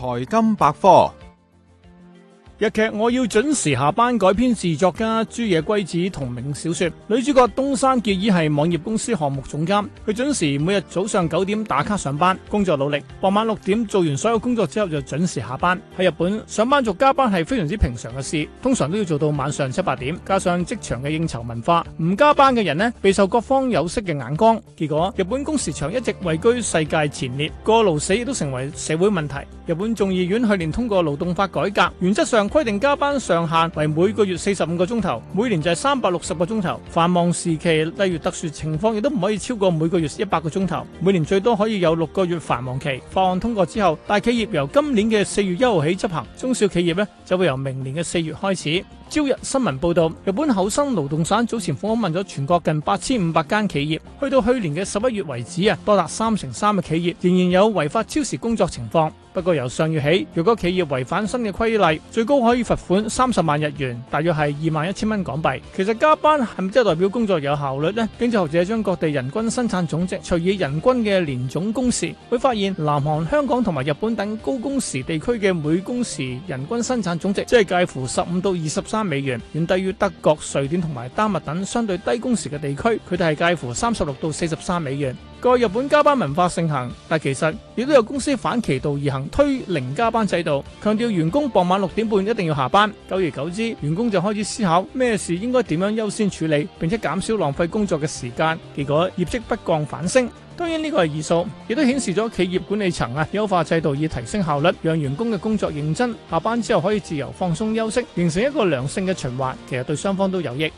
財經百科。日劇《我要準時下班》改編自作家朱野歸子同名小說，女主角東山結衣係網頁公司項目總監。佢準時每日早上九點打卡上班，工作努力。傍晚六點做完所有工作之後就準時下班。喺日本上班族加班係非常之平常嘅事，通常都要做到晚上七八點。加上職場嘅應酬文化，唔加班嘅人呢，備受各方有色嘅眼光。結果日本工時長一直位居世界前列，過勞死亦都成為社會問題。日本眾議院去年通過勞動法改革，原則上，規定加班上限為每個月四十五個鐘頭，每年就係三百六十個鐘頭。繁忙時期，例如特殊情況，亦都唔可以超過每個月一百個鐘頭，每年最多可以有六個月繁忙期。法案通過之後，大企業由今年嘅四月一號起執行，中小企業呢就會由明年嘅四月開始。朝日新聞報導，日本厚生勞動省早前訪問咗全國近八千五百間企業，去到去年嘅十一月為止啊，多達三成三嘅企業仍然有違法超時工作情況。不過由上月起，若果企業違反新嘅規例，最高可以罰款三十萬日元，大約係二萬一千蚊港幣。其實加班係咪真係代表工作有效率呢？經濟學者將各地人均生產總值除以人均嘅年總工時，會發現南韓、香港同埋日本等高工時地區嘅每工時人均生產總值，即係介乎十五到二十三美元，遠低於德國、瑞典同埋丹麥等相對低工時嘅地區，佢哋係介乎三十六到四十三美元。個日本加班文化盛行，但其實亦都有公司反其道而行，推零加班制度，強調員工傍晚六點半一定要下班。久而久之，員工就開始思考咩事應該點樣優先處理，並且減少浪費工作嘅時間，結果業績不降反升。當然呢個係異數，亦都顯示咗企業管理層啊優化制度以提升效率，讓員工嘅工作認真，下班之後可以自由放鬆休息，形成一個良性嘅循環，其實對雙方都有益。